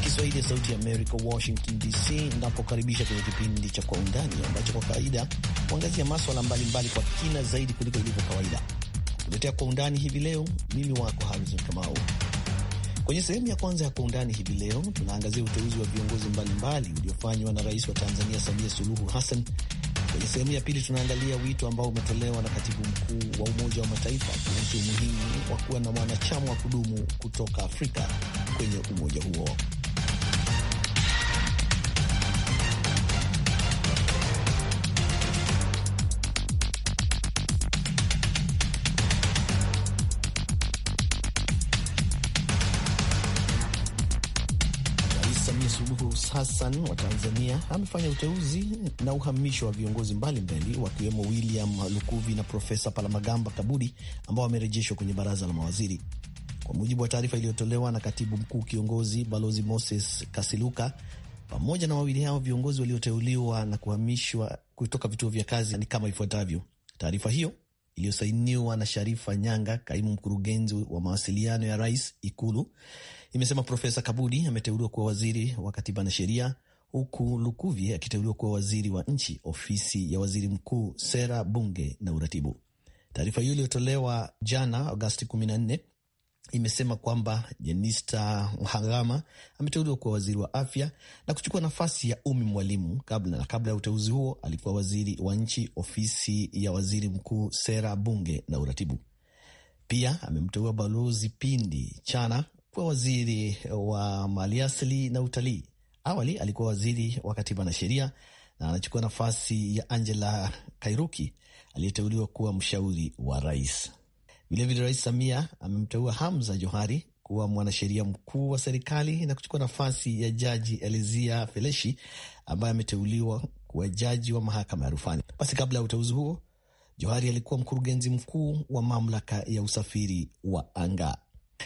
Kiswahili ya Sauti ya Amerika, Washington DC, napokaribisha kwenye kipindi cha Kwa Undani ambacho kwa kawaida huangazia maswala mbalimbali kwa kina zaidi kuliko ilivyo kawaida. Kuletea Kwa Undani hivi leo, mimi wako Harrison Kamau. Kwenye sehemu ya kwanza ya Kwa Undani hivi leo tunaangazia uteuzi wa viongozi mbalimbali uliofanywa na Rais wa Tanzania Samia Suluhu Hassan. Kwenye sehemu ya pili tunaangalia wito ambao umetolewa na Katibu Mkuu wa Umoja wa Mataifa kuhusu umuhimu wa kuwa na mwanachama wa kudumu kutoka Afrika kwenye umoja huo. Suluhu Hassan wa Tanzania amefanya uteuzi na uhamisho wa viongozi mbalimbali wakiwemo William Lukuvi na Profesa Palamagamba Kabudi ambao wamerejeshwa kwenye baraza la mawaziri. Kwa mujibu wa taarifa iliyotolewa na katibu mkuu kiongozi Balozi Moses Kasiluka, pamoja na wawili hao viongozi walioteuliwa na kuhamishwa kutoka vituo vya kazi ni kama ifuatavyo. Taarifa hiyo iliyosainiwa na Sharifa Nyanga, kaimu mkurugenzi wa mawasiliano ya rais Ikulu, imesema Profesa Kabudi ameteuliwa kuwa waziri wa katiba na sheria, huku Lukuvi akiteuliwa kuwa waziri wa nchi, ofisi ya waziri mkuu, sera, bunge na uratibu. Taarifa hiyo iliyotolewa jana Agosti 14 imesema kwamba Jenista Mhagama ameteuliwa kuwa waziri wa afya na kuchukua nafasi ya Umi Mwalimu. Kabla na kabla ya uteuzi huo alikuwa waziri wa nchi ofisi ya waziri mkuu, sera, bunge na uratibu. Pia amemteua Balozi Pindi Chana kuwa waziri wa maliasili na utalii. Awali alikuwa waziri wa katiba na sheria na anachukua nafasi ya Angela Kairuki aliyeteuliwa kuwa mshauri wa rais. Vilevile Rais Samia amemteua Hamza Johari kuwa mwanasheria mkuu wa serikali na kuchukua nafasi ya Jaji Elizia Feleshi ambaye ameteuliwa kuwa jaji wa mahakama ya rufani. Basi kabla ya uteuzi huo, Johari alikuwa mkurugenzi mkuu wa mamlaka ya usafiri wa anga.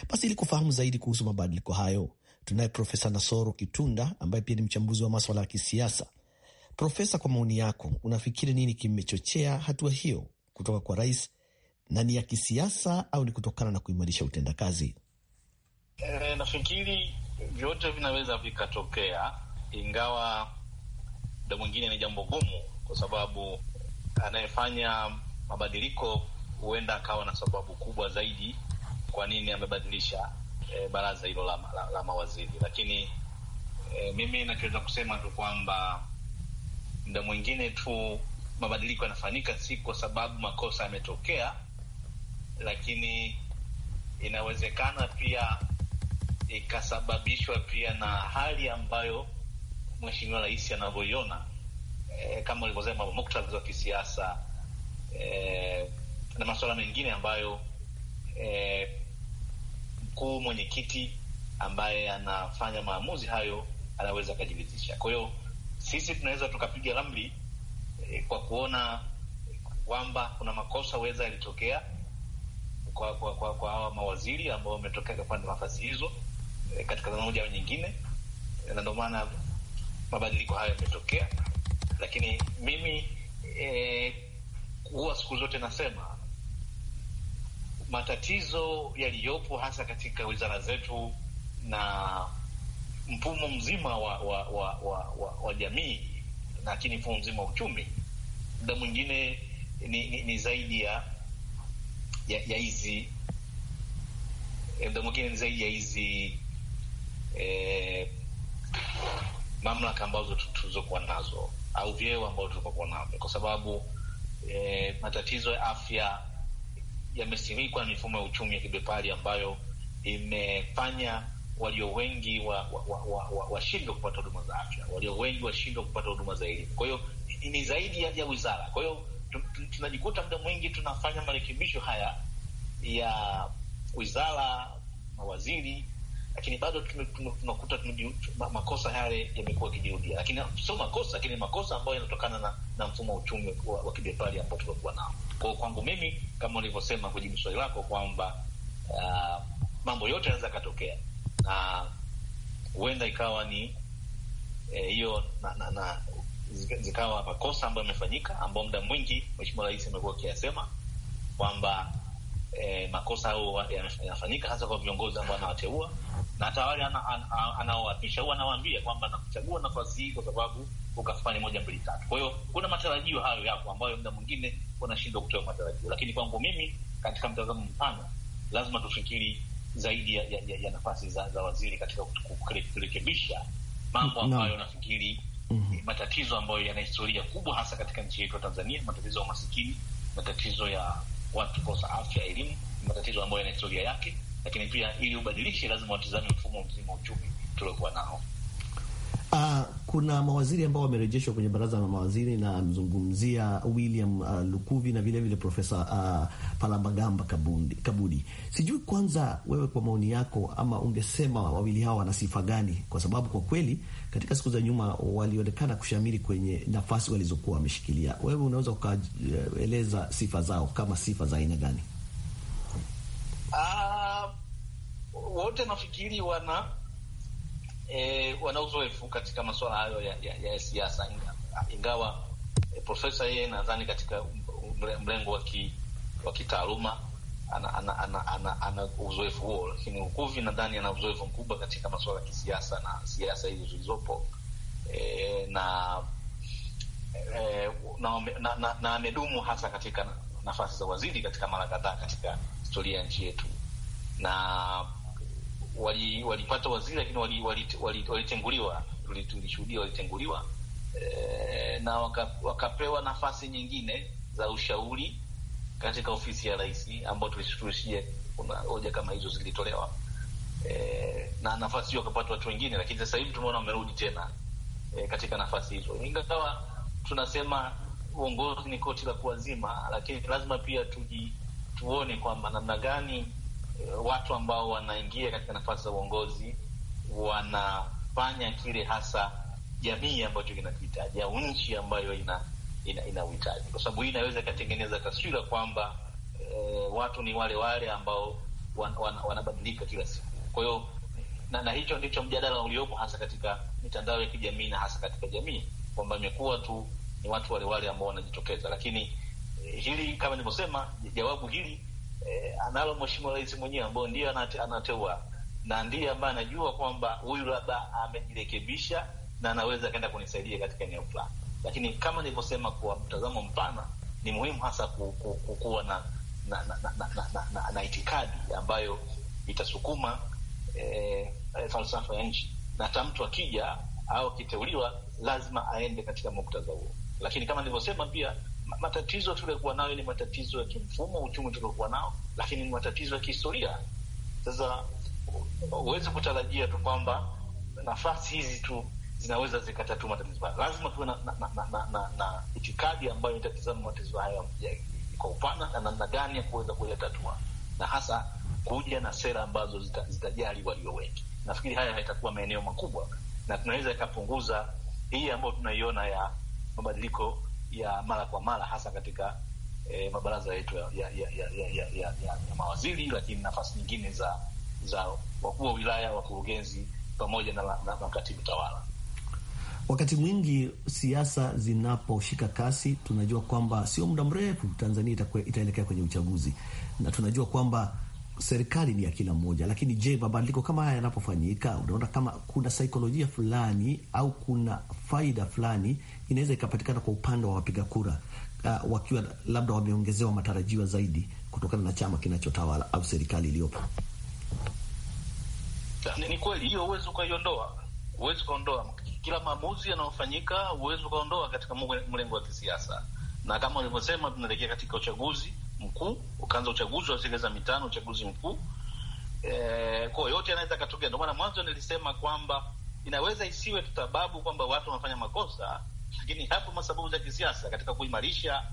Basi ili kufahamu zaidi kuhusu mabadiliko hayo, tunaye Profesa Nasoro Kitunda ambaye pia ni mchambuzi wa maswala ya kisiasa. Profesa, kwa maoni yako, unafikiri nini kimechochea hatua hiyo kutoka kwa rais na ni ya kisiasa au ni kutokana na kuimarisha utendakazi? E, nafikiri vyote vinaweza vikatokea, ingawa muda mwingine ni jambo gumu, kwa sababu anayefanya mabadiliko huenda akawa na sababu kubwa zaidi kwa nini amebadilisha e, baraza hilo la, la, la mawaziri. Lakini e, mimi nachoweza kusema tu kwamba muda mwingine tu mabadiliko yanafanyika si kwa sababu makosa yametokea, lakini inawezekana pia ikasababishwa pia na hali ambayo mheshimiwa rais anavyoiona, e, kama ulivyosema, muktadha wa kisiasa e, na masuala mengine ambayo e, mkuu mwenyekiti ambaye anafanya maamuzi hayo anaweza akajiridhisha. Kwa hiyo sisi tunaweza tukapiga ramli e, kwa kuona kwamba kuna makosa weza yalitokea kwa kwa kwa, kwa mawaziri ambao wametokea kupanda nafasi hizo e, katika namna moja au nyingine, eh, na ndio maana mabadiliko hayo yametokea. Lakini mimi eh, huwa siku zote nasema matatizo yaliyopo hasa katika wizara zetu na mfumo mzima wa wa, wa, wa, wa, wa jamii, lakini mfumo mzima wa uchumi, muda mwingine ni, ni, ni zaidi ya ya hizi eh, mda mwingine ni zaidi ya hizi eh, mamlaka ambazo tulizokuwa nazo au vyeo ambavyo tulivyokuwa navyo, kwa sababu eh, matatizo ya afya yamesimikwa na mifumo ya uchumi ya kibepari ambayo imefanya walio wengi washindwe wa, wa, wa, wa kupata huduma za afya, walio wengi washindwe kupata huduma za elimu. Kwa hiyo ni zaidi ya wizara, kwa hiyo tunajikuta muda mwingi tunafanya marekebisho haya ya wizara, mawaziri, lakini bado tunakuta makosa yale yamekuwa yakijirudia, lakini sio makosa, lakini makosa ambayo yanatokana na, na mfumo wa uchumi wa kibepari ambao tumekuwa nao. Kwa kwangu mimi, kama ulivyosema kujibu swali lako kwamba uh, mambo yote yanaweza yakatokea na huenda ikawa ni eh, hiyo eh, na, na, na zikawa makosa ambayo yamefanyika, ambao muda mwingi Mheshimiwa Rais amekuwa akiyasema kwamba e, makosa hayo yanafanyika hasa kwa viongozi ambao anawateua na hata wale anaoapisha, huwa anawaambia kwamba nakuchagua nafasi hii kwa sababu ukafanya moja mbili tatu. Kwa hiyo kuna matarajio hayo yapo, ambayo muda mwingine unashindwa kutoa matarajio, lakini kwangu mimi, katika mtazamo mpana, lazima tufikiri zaidi ya, ya, ya nafasi za, za waziri katika kurekebisha mambo ambayo no. nafikiri -hmm. matatizo ambayo yana historia kubwa hasa katika nchi yetu ya Tanzania, matatizo ya umasikini, matatizo ya watu kosa afya, elimu, matatizo ambayo yana historia yake, lakini pia ili ubadilishe, lazima watizame mfumo mzima wa uchumi tuliokuwa nao. Uh, kuna mawaziri ambao wamerejeshwa kwenye baraza la mawaziri na mzungumzia William uh, Lukuvi na vilevile Profesa uh, Palambagamba Kabundi, Kabudi. Sijui kwanza wewe kwa maoni yako, ama ungesema wawili hawa wana sifa gani? Kwa sababu kwa kweli katika siku za nyuma walionekana kushamiri kwenye nafasi walizokuwa wameshikilia. Wewe unaweza ukaeleza sifa zao kama sifa za aina gani? Uh, wote nafikiri wana e, wana uzoefu katika masuala hayo ya, ya, ya siasa, ingawa e, profesa yeye nadhani katika mlengo wa kitaaluma ana, ana, ana, ana, ana uzoefu huo, lakini Ukuvi nadhani ana uzoefu mkubwa katika masuala ya kisiasa na siasa hizo zilizopo e, na e, na amedumu hasa katika nafasi za waziri katika mara kadhaa katika historia ya nchi yetu na wali, walipata waziri lakini walitenguliwa, wali, wali, wali tulishuhudia walitenguliwa e, na waka, wakapewa nafasi nyingine za ushauri katika ofisi ya rais, ambao tulishuhudia kuna hoja kama hizo zilitolewa e, na nafasi hiyo wakapata watu wengine, lakini sasa hivi tumeona wamerudi tena e, katika nafasi hizo, ingawa tunasema uongozi ni koti la kuwazima, lakini lazima pia tuji, tuone kwamba namna gani watu ambao wanaingia katika nafasi za uongozi wanafanya kile hasa jamii ambacho kinakihitaji au nchi ambayo ina ina inauhitaji, kwa sababu hii inaweza ikatengeneza taswira kwamba e, watu ni wale wale ambao wanabadilika wan, wanabadilika kila siku. Kwa hiyo na, na hicho ndicho mjadala uliopo hasa katika mitandao ya kijamii na hasa katika jamii kwamba imekuwa tu ni watu wale wale ambao wanajitokeza, lakini eh, hili kama nilivyosema, jawabu hili eh, analo mheshimiwa rais mwenyewe ambao ndiye anateua na ndiye ambaye anajua kwamba huyu labda amejirekebisha na anaweza akaenda kunisaidia katika eneo fulani. Lakini kama nilivyosema, kwa mtazamo mpana, ni muhimu hasa kuwa na na, na, na, na, na, na, na itikadi ambayo itasukuma eh, eh, falsafa ya nchi, na hata mtu akija au akiteuliwa lazima aende katika muktadha huo, lakini kama nilivyosema pia matatizo tuliokuwa nayo ni matatizo ya kimfumo, uchumi tuliokuwa nao, lakini ni matatizo ya kihistoria. Sasa huwezi kutarajia tu kwamba nafasi hizi tu zinaweza zikatatua matatizo haya. Lazima tuwe na, na, na, na, na, na itikadi ambayo itatizama matatizo hayo kwa upana na namna gani ya kuweza kuyatatua, na hasa kuja na sera ambazo zitajali zita walio wengi. Nafikiri haya yatakuwa maeneo makubwa, na tunaweza ikapunguza hii ambayo tunaiona ya mabadiliko ya mara kwa mara, hasa katika e, mabaraza yetu ya, ya, ya, ya, ya, ya, ya mawaziri, lakini nafasi nyingine za za wakuu wa wilaya, wakurugenzi pamoja na, na makatibu tawala. Wakati mwingi siasa zinaposhika kasi, tunajua kwamba sio muda mrefu Tanzania itaelekea kwenye uchaguzi, na tunajua kwamba serikali ni ya kila mmoja, lakini je, mabadiliko kama haya yanapofanyika, unaona kama kuna saikolojia fulani au kuna faida fulani inaweza ikapatikana kwa upande wa wapiga kura uh, wakiwa labda wameongezewa matarajio zaidi kutokana na chama kinachotawala au serikali iliyopo? Ni kweli hiyo, huwezi ukaiondoa, huwezi ukaondoa. Kila maamuzi yanayofanyika huwezi ukaondoa katika mlengo wa kisiasa, na kama ulivyosema, tunaelekea katika uchaguzi mkuu, ukaanza uchaguzi wa zile za mitano, uchaguzi mkuu e, kwa yote yanaweza katokea. Ndio maana mwanzo nilisema kwamba inaweza isiwe tu kwamba watu wanafanya makosa, lakini hapo masababu za kisiasa katika kuimarisha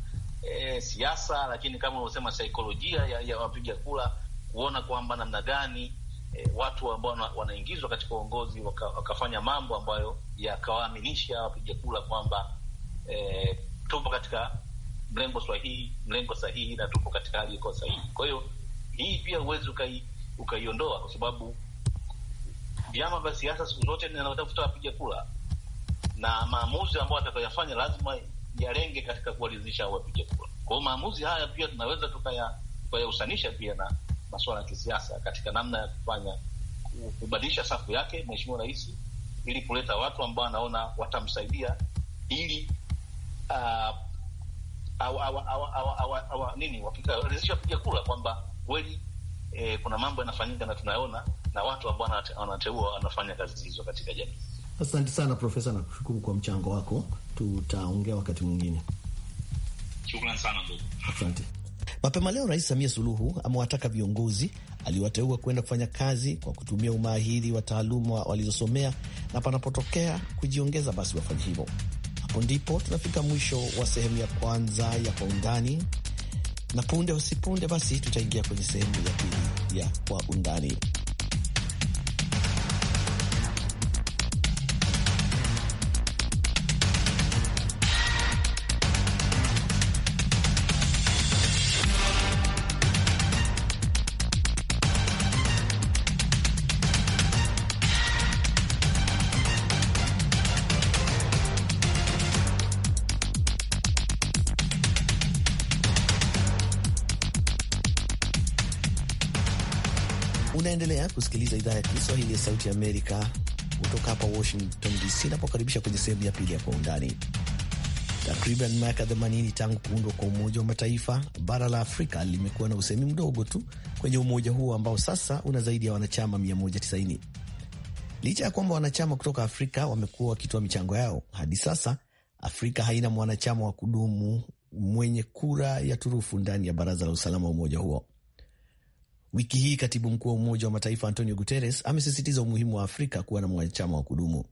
e, siasa, lakini kama unavyosema saikolojia ya, ya wapiga kula kuona kwamba namna gani e, watu ambao wanaingizwa katika uongozi waka, wakafanya mambo ambayo yakawaaminisha wapiga kura kwamba e, tupo katika mlengo sahihi, mlengo sahihi, na tupo katika hali iko sahihi. Kwa hiyo hii pia huwezi ukai, ukaiondoa kwa sababu vyama vya siasa siku zote vinatafuta wapiga kura na maamuzi ambayo atakayofanya lazima yalenge katika kuwaridhisha wapiga kura. Kwa hiyo maamuzi haya pia tunaweza tukaya tukayahusanisha pia na masuala ya kisiasa katika namna ya kufanya kubadilisha safu yake Mheshimiwa Rais ili kuleta watu ambao anaona watamsaidia ili uh, nini wapiga kura kwamba kweli eh, kuna mambo yanafanyika na tunayona na watu ambao wanateua wanafanya kazi hizo katika jamii. Asante sana Profesa, nakushukuru kwa mchango wako, tutaongea wakati mwingine. Shukrani sana ndugu, asante. Mapema leo Rais Samia Suluhu amewataka viongozi aliwateua kwenda kufanya kazi kwa kutumia umahiri wa taaluma walizosomea na panapotokea kujiongeza basi wafanye hivyo hapo ndipo tunafika mwisho wa sehemu ya kwanza ya Kwa Undani, na punde usipunde basi tutaingia kwenye sehemu ya pili ya Kwa Undani. Unaendelea kusikiliza idhaa ya Kiswahili ya Sauti Amerika kutoka hapa Washington DC, inapokaribisha kwenye sehemu ya pili ya Kwa Undani. Takriban miaka 80 tangu kuundwa kwa Umoja wa Mataifa, bara la Afrika limekuwa na usemi mdogo tu kwenye umoja huo ambao sasa una zaidi ya wanachama 190. Licha ya kwamba wanachama kutoka Afrika wamekuwa wakitoa michango yao, hadi sasa Afrika haina mwanachama wa kudumu mwenye kura ya turufu ndani ya Baraza la Usalama wa umoja huo. Wiki hii katibu mkuu wa Umoja wa Mataifa Antonio Guterres amesisitiza umuhimu wa Afrika kuwa na mwanachama wa kudumu.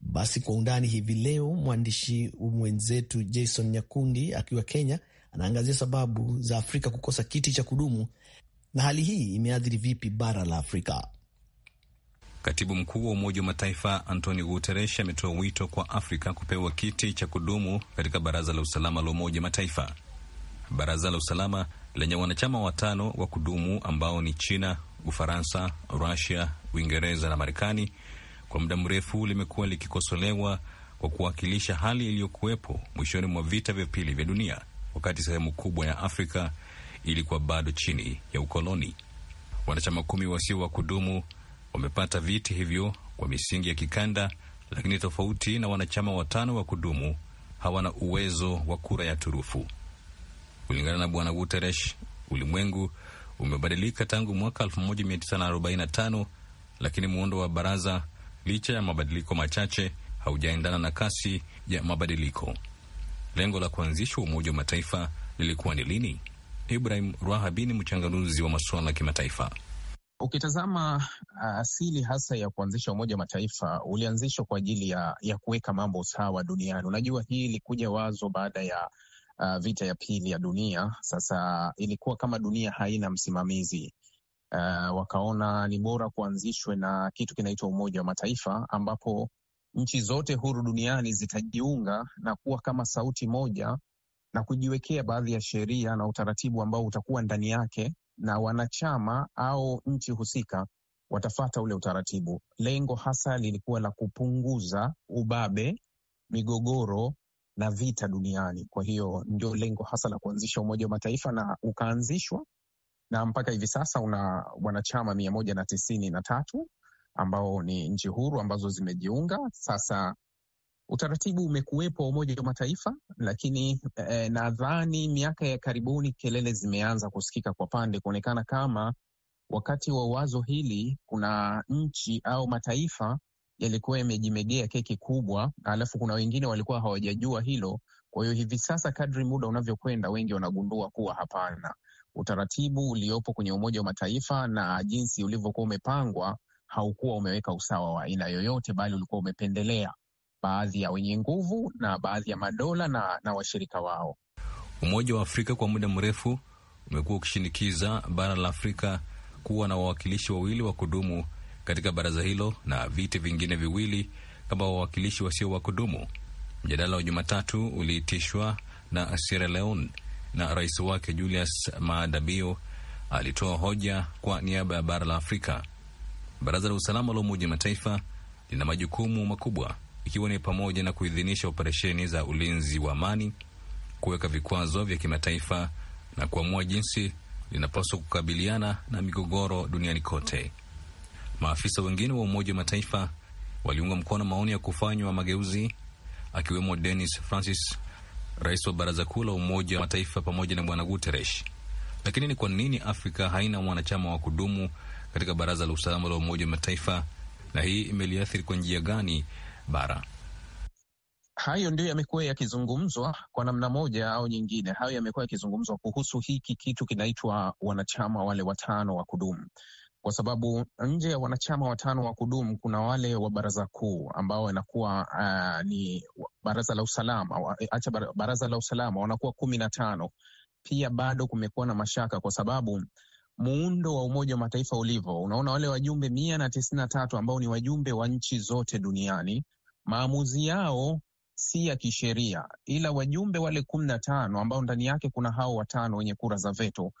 Basi kwa undani hivi leo, mwandishi mwenzetu Jason Nyakundi akiwa Kenya anaangazia sababu za Afrika kukosa kiti cha kudumu na hali hii imeathiri vipi bara la Afrika. Katibu mkuu wa Umoja wa Mataifa Antonio Guterres ametoa wito kwa Afrika kupewa kiti cha kudumu katika Baraza la Usalama la Umoja Mataifa. Baraza la Usalama lenye wanachama watano wa kudumu ambao ni China, Ufaransa, Rusia, Uingereza na Marekani, kwa muda mrefu limekuwa likikosolewa kwa kuwakilisha hali iliyokuwepo mwishoni mwa vita vya pili vya dunia, wakati sehemu kubwa ya Afrika ilikuwa bado chini ya ukoloni. Wanachama kumi wasio wa kudumu wamepata viti hivyo kwa misingi ya kikanda, lakini tofauti na wanachama watano wa kudumu hawana uwezo wa kura ya turufu. Kulingana na Bwana Guteresh, ulimwengu umebadilika tangu mwaka 1945 lakini muundo wa baraza, licha ya mabadiliko machache, haujaendana na kasi ya mabadiliko. Lengo la kuanzishwa Umoja wa Mataifa lilikuwa ni lini? Ibrahim Rahabi ni mchanganuzi wa masuala ya kimataifa. Ukitazama uh, asili hasa ya kuanzisha Umoja wa Mataifa ulianzishwa kwa ajili ya, ya kuweka mambo sawa duniani. Unajua, hii ilikuja wazo baada ya uh, vita ya pili ya dunia. Sasa ilikuwa kama dunia haina msimamizi uh, wakaona ni bora kuanzishwe na kitu kinaitwa Umoja wa Mataifa ambapo nchi zote huru duniani zitajiunga na kuwa kama sauti moja na kujiwekea baadhi ya sheria na utaratibu ambao utakuwa ndani yake, na wanachama au nchi husika watafata ule utaratibu. Lengo hasa lilikuwa la kupunguza ubabe, migogoro na vita duniani. Kwa hiyo ndio lengo hasa la kuanzisha Umoja wa Mataifa na ukaanzishwa, na mpaka hivi sasa una wanachama mia moja na tisini na tatu ambao ni nchi huru ambazo zimejiunga. Sasa utaratibu umekuwepo wa Umoja wa Mataifa, lakini eh, nadhani miaka ya karibuni kelele zimeanza kusikika kwa pande kuonekana kama wakati wa wazo hili kuna nchi au mataifa yalikuwa yamejimegea keki kubwa, alafu kuna wengine walikuwa hawajajua hilo. Kwa hiyo hivi sasa kadri muda unavyokwenda, wengi wanagundua kuwa hapana, utaratibu uliopo kwenye Umoja wa Mataifa na jinsi ulivyokuwa umepangwa haukuwa umeweka usawa wa aina yoyote, bali ulikuwa umependelea baadhi ya wenye nguvu na baadhi ya madola na, na washirika wao. Umoja wa Afrika kwa muda mrefu umekuwa ukishinikiza bara la Afrika kuwa na wawakilishi wawili wa kudumu katika baraza hilo na viti vingine viwili kama wawakilishi wasio wa kudumu. Mjadala wa Jumatatu uliitishwa na Sierra Leone na rais wake Julius Maada Bio alitoa hoja kwa niaba ya bara la Afrika. Baraza la Usalama la Umoja Mataifa lina majukumu makubwa ikiwa ni pamoja na kuidhinisha operesheni za ulinzi wa amani, kuweka vikwazo vya kimataifa na kuamua jinsi linapaswa kukabiliana na migogoro duniani kote. Maafisa wengine wa Umoja wa Mataifa waliunga mkono maoni ya kufanywa mageuzi, akiwemo denis Francis, rais wa Baraza Kuu la Umoja wa Mataifa, pamoja na Bwana guteresh Lakini ni kwa nini Afrika haina mwanachama wa kudumu katika Baraza la Usalama la Umoja wa Mataifa, na hii imeliathiri kwa njia gani bara? Hayo ndio yamekuwa yakizungumzwa kwa namna moja au nyingine. Hayo yamekuwa yakizungumzwa kuhusu hiki kitu kinaitwa wanachama wale watano wa kudumu kwa sababu nje ya wanachama watano wa kudumu kuna wale wa baraza kuu ambao wanakuwa uh, ni baraza la usalama, eh, acha baraza la usalama wanakuwa kumi na tano. Pia bado kumekuwa na mashaka kwa sababu muundo wa Umoja wa Mataifa ulivyo, unaona wale wajumbe mia na tisini na tatu ambao ni wajumbe wa nchi zote duniani, maamuzi yao si ya kisheria, ila wajumbe wale kumi na tano ambao ndani yake kuna hao watano wenye kura za veto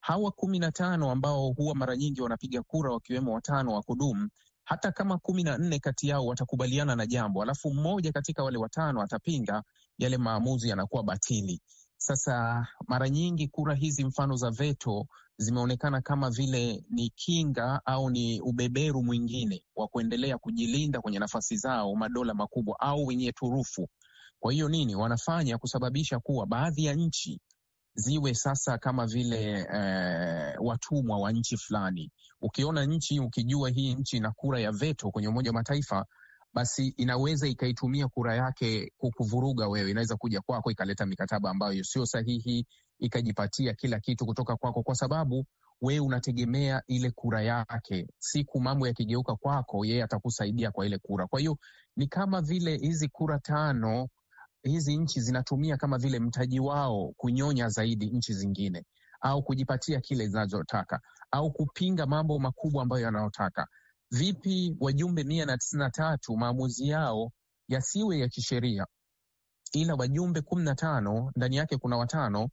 hawa kumi na tano ambao huwa mara nyingi wanapiga kura wakiwemo watano wa kudumu hata kama kumi na nne kati yao watakubaliana na jambo alafu mmoja katika wale watano atapinga, yale maamuzi yanakuwa batili. Sasa mara nyingi kura hizi mfano za veto zimeonekana kama vile ni kinga au ni ubeberu mwingine wa kuendelea kujilinda kwenye nafasi zao madola makubwa au wenye turufu. Kwa hiyo nini wanafanya kusababisha kuwa baadhi ya nchi ziwe sasa kama vile eh, watumwa wa nchi fulani. Ukiona nchi ukijua hii nchi ina kura ya veto kwenye Umoja wa Mataifa, basi inaweza ikaitumia kura yake kukuvuruga wewe, inaweza kuja kwako ikaleta mikataba ambayo sio sahihi, ikajipatia kila kitu kutoka kwako, kwa sababu wewe unategemea ile kura yake. Siku mambo yakigeuka kwako, yeye atakusaidia kwa ile kura. Kwa hiyo ni kama vile hizi kura tano hizi nchi zinatumia kama vile mtaji wao kunyonya zaidi nchi zingine au kujipatia kile zinachotaka au kupinga mambo makubwa ambayo yanayotaka. Vipi wajumbe mia na tisini na tatu maamuzi yao yasiwe ya kisheria, ila wajumbe kumi na tano ndani yake kuna watano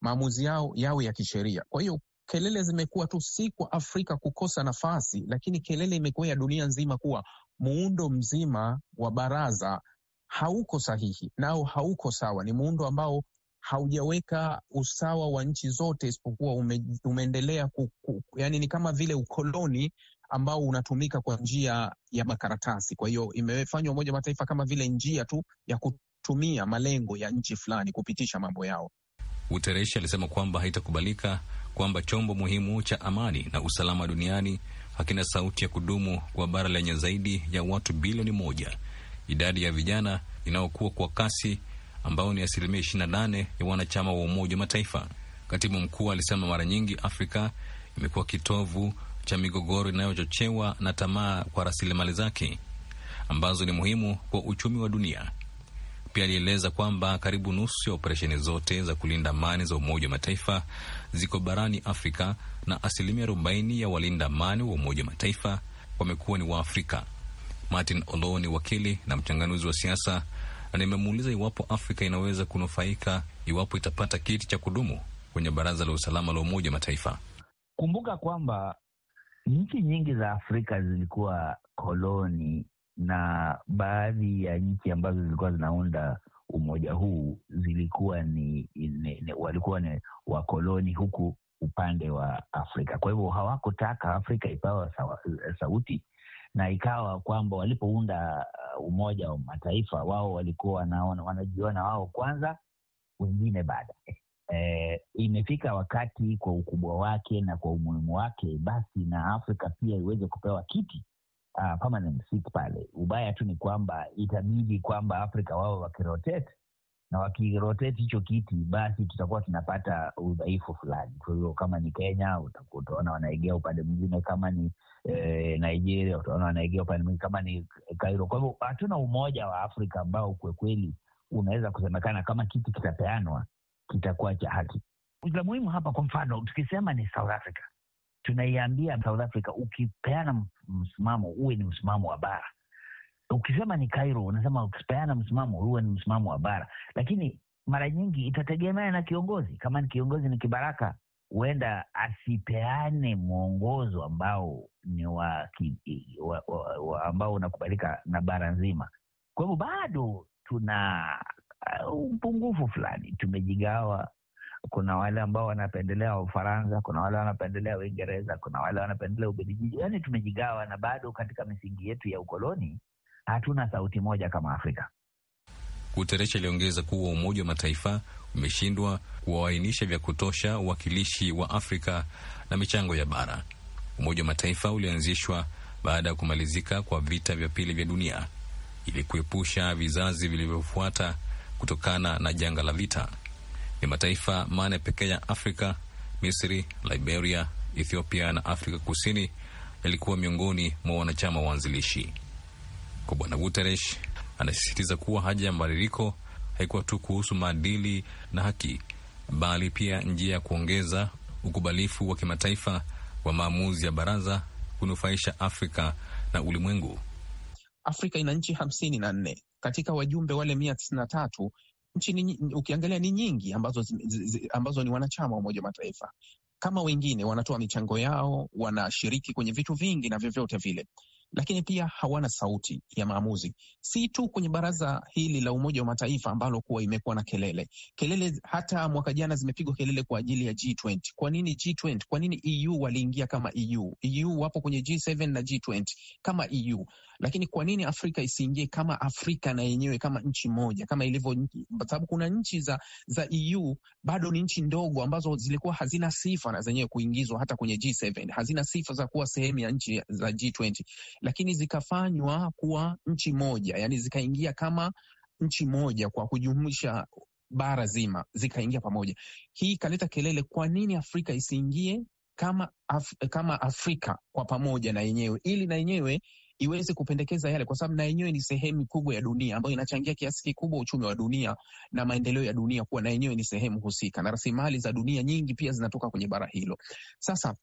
maamuzi yao yawe ya kisheria. Kwa hiyo kelele zimekuwa tu si kwa Afrika kukosa nafasi, lakini kelele imekuwa ya dunia nzima kuwa muundo mzima wa baraza hauko sahihi nao hauko sawa. Ni muundo ambao haujaweka usawa wa nchi zote isipokuwa ume, umeendelea kuku, yani ni kama vile ukoloni ambao unatumika kwa njia ya makaratasi. Kwa hiyo imefanywa Umoja Mataifa kama vile njia tu ya kutumia malengo ya nchi fulani kupitisha mambo yao. Guterres alisema kwamba haitakubalika kwamba chombo muhimu cha amani na usalama duniani hakina sauti ya kudumu kwa bara lenye zaidi ya watu bilioni moja idadi ya vijana inayokuwa kwa kasi ambayo ni asilimia ishirini na nane ya wanachama wa Umoja wa Mataifa. Katibu mkuu alisema mara nyingi Afrika imekuwa kitovu cha migogoro inayochochewa na tamaa kwa rasilimali zake ambazo ni muhimu kwa uchumi wa dunia. Pia alieleza kwamba karibu nusu ya operesheni zote za kulinda amani za Umoja wa Mataifa ziko barani Afrika na asilimia arobaini ya walinda amani wa Umoja wa Mataifa wamekuwa ni Waafrika. Martin Olo ni wakili na mchanganuzi wa siasa, na nimemuuliza iwapo Afrika inaweza kunufaika iwapo itapata kiti cha kudumu kwenye Baraza la Usalama la Umoja wa Mataifa. Kumbuka kwamba nchi nyingi za Afrika zilikuwa koloni na baadhi ya nchi ambazo zilikuwa zinaunda umoja huu zilikuwa ni, ni, ni walikuwa ni wakoloni huku upande wa Afrika. Kwa hivyo hawakutaka Afrika ipawa sauti na ikawa kwamba walipounda uh, Umoja wa Mataifa wao walikuwa wanaona wanajiona wao kwanza, wengine baadaye. E, imefika wakati kwa ukubwa wake na kwa umuhimu wake, basi na Afrika pia iweze kupewa kiti uh, permanent seat pale. Ubaya tu ni kwamba itabidi kwamba Afrika wao wakirotate na wakirotate hicho kiti, basi tutakuwa tunapata udhaifu fulani. Kwa hiyo kama ni Kenya utakuwa utaona wanaegea upande mwingine, kama ni e, Nigeria, utaona Wanigeria upande kama ni Kairo. Kwa hivyo hatuna umoja wa Afrika ambao kwekweli unaweza kusemekana kama kitu kitapeanwa kitakuwa cha haki. La muhimu hapa, kwa mfano, tukisema ni South Africa, tunaiambia South Africa, ukipeana msimamo uwe ni msimamo wa bara. Ukisema ni Cairo, unasema ukipeana msimamo uwe ni msimamo wa bara, lakini mara nyingi itategemea na kiongozi. Kama ni kiongozi ni kibaraka, huenda asipeane mwongozo ambao ni wa, wa, wa, wa ambao unakubalika na bara nzima. Kwa hivyo bado tuna uh, upungufu uh, fulani, tumejigawa. Kuna wale ambao wanapendelea Ufaransa, kuna wale wanapendelea Uingereza, kuna wale wanapendelea Ubelgiji. yani tumejigawa na bado katika misingi yetu ya ukoloni hatuna sauti moja kama Afrika. Guterres aliongeza kuwa Umoja wa Mataifa umeshindwa kuwaainisha vya kutosha uwakilishi wa Afrika na michango ya bara. Umoja wa Mataifa ulianzishwa baada ya kumalizika kwa vita vya pili vya dunia ili kuepusha vizazi vilivyofuata kutokana na janga la vita. Ni mataifa mane pekee ya Afrika, Misri, Liberia, Ethiopia na Afrika Kusini yalikuwa miongoni mwa wanachama waanzilishi. Kwa Bwana Guterres, anasisitiza kuwa haja ya mabadiliko haikuwa tu kuhusu maadili na haki, bali pia njia ya kuongeza ukubalifu wa kimataifa wa maamuzi ya baraza kunufaisha Afrika na ulimwengu. Afrika ina nchi hamsini na nne katika wajumbe wale mia tisini na tatu nchi ukiangalia ni nyingi ambazo, ambazo ni wanachama wa Umoja wa Mataifa. Kama wengine wanatoa michango yao, wanashiriki kwenye vitu vingi na vyovyote vile, lakini pia hawana sauti ya maamuzi, si tu kwenye baraza hili la Umoja wa Mataifa ambalo kuwa imekuwa na kelele kelele. Hata mwaka jana zimepigwa kelele kwa ajili ya G20. Kwa nini G20? Kwa nini EU waliingia kama EU? EU wapo kwenye G7 na G20 kama EU, lakini kwa nini Afrika isiingie kama Afrika na yenyewe kama nchi moja kama ilivyo? kwa Sababu kuna nchi za, za EU bado ni nchi ndogo ambazo zilikuwa hazina sifa na zenyewe kuingizwa hata kwenye G7, hazina sifa za kuwa sehemu ya nchi za G20 lakini zikafanywa kuwa nchi moja, yani zikaingia kama nchi moja kwa kujumuisha bara zima, zikaingia pamoja. Hii ikaleta kelele, kwa nini Afrika isiingie kama, Af kama Afrika kwa pamoja na yenyewe, ili na yenyewe iweze kupendekeza yale, kwa sababu na yenyewe ni sehemu kubwa ya dunia ambayo inachangia kiasi kikubwa uchumi wa dunia na maendeleo ya dunia, kuwa na yenyewe ni sehemu husika, na rasilimali za dunia nyingi pia zinatoka kwenye bara hilo. Sasa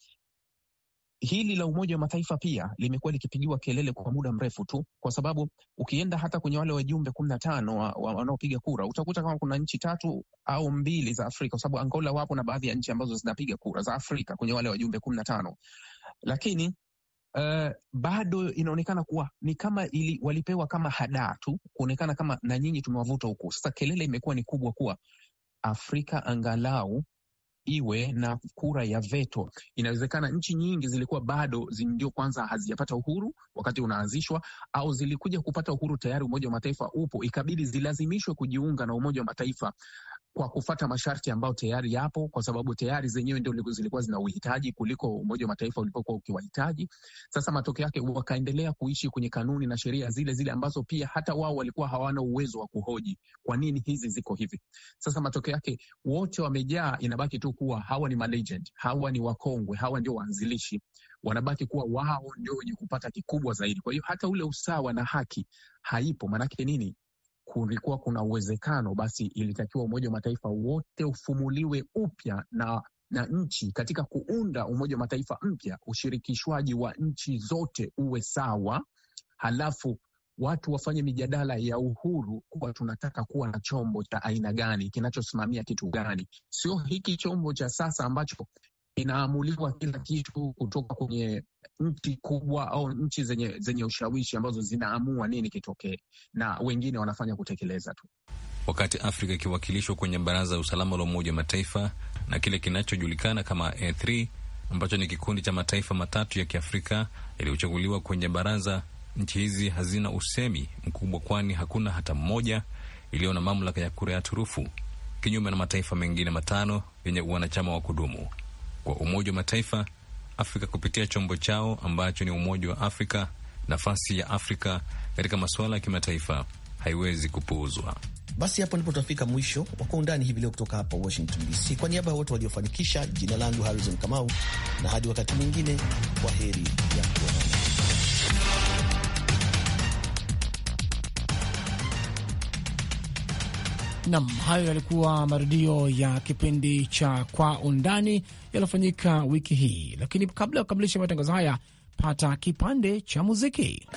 hili la Umoja wa Mataifa pia limekuwa likipigiwa kelele kwa muda mrefu tu, kwa sababu ukienda hata kwenye wale wajumbe kumi na tano wanaopiga kura utakuta kama kuna nchi tatu au mbili za Afrika, kwa sababu Angola wapo na baadhi ya nchi ambazo zinapiga kura za Afrika kwenye wale wajumbe kumi na tano lakini Uh, bado inaonekana kuwa ni kama ili, walipewa kama hadaa tu kuonekana kama na nyinyi tumewavuta huku. Sasa kelele imekuwa ni kubwa kuwa Afrika angalau iwe na kura ya veto. Inawezekana nchi nyingi zilikuwa bado ndio kwanza hazijapata uhuru wakati unaanzishwa, au zilikuja kupata uhuru tayari Umoja wa Mataifa upo, ikabidi zilazimishwe kujiunga na Umoja wa Mataifa kwa kufata masharti ambayo tayari yapo, kwa sababu tayari zenyewe ndio zilikuwa zina uhitaji kuliko Umoja wa Mataifa ulipokuwa ukiwahitaji. Sasa matokeo yake wakaendelea kuishi kwenye kanuni na sheria zile zile ambazo pia hata wao walikuwa hawana uwezo wa kuhoji kwa nini hizi ziko hivi. Sasa matokeo yake wote wamejaa, inabaki tu kuwa hawa ni malegend, hawa ni wakongwe, hawa ndio waanzilishi, wanabaki kuwa wao ndio wenye kupata kikubwa zaidi. Kwa hiyo hata ule usawa na haki haipo, maanake nini? kulikuwa kuna uwezekano basi, ilitakiwa Umoja wa Mataifa wote ufumuliwe upya na na nchi katika kuunda Umoja wa Mataifa mpya, ushirikishwaji wa nchi zote uwe sawa, halafu watu wafanye mijadala ya uhuru kuwa tunataka kuwa na chombo cha aina gani kinachosimamia kitu gani, sio hiki chombo cha sasa ambacho inaamuliwa kila kitu kutoka kwenye nchi kubwa au nchi zenye, zenye ushawishi ambazo zinaamua nini kitokee, na wengine wanafanya kutekeleza tu. Wakati Afrika ikiwakilishwa kwenye Baraza ya Usalama la Umoja wa Mataifa na kile kinachojulikana kama A3 ambacho ni kikundi cha mataifa matatu ya Kiafrika yaliyochaguliwa kwenye baraza, nchi hizi hazina usemi mkubwa, kwani hakuna hata mmoja iliyo na mamlaka ya kura ya turufu, kinyume na mataifa mengine matano yenye wanachama wa kudumu wa Umoja wa Mataifa Afrika kupitia chombo chao ambacho ni Umoja wa Afrika. Nafasi ya Afrika katika masuala ya kimataifa haiwezi kupuuzwa. Basi hapo ndipo tunafika mwisho wa Kwa Undani hivi leo, kutoka hapa Washington DC. Kwa niaba ya wote waliofanikisha, jina langu Harrison Kamau, na hadi wakati mwingine, kwa heri ya kuona. Nam, hayo yalikuwa marudio ya kipindi cha Kwa Undani yaliyofanyika wiki hii. Lakini kabla ya kukamilisha matangazo haya, pata kipande cha muziki.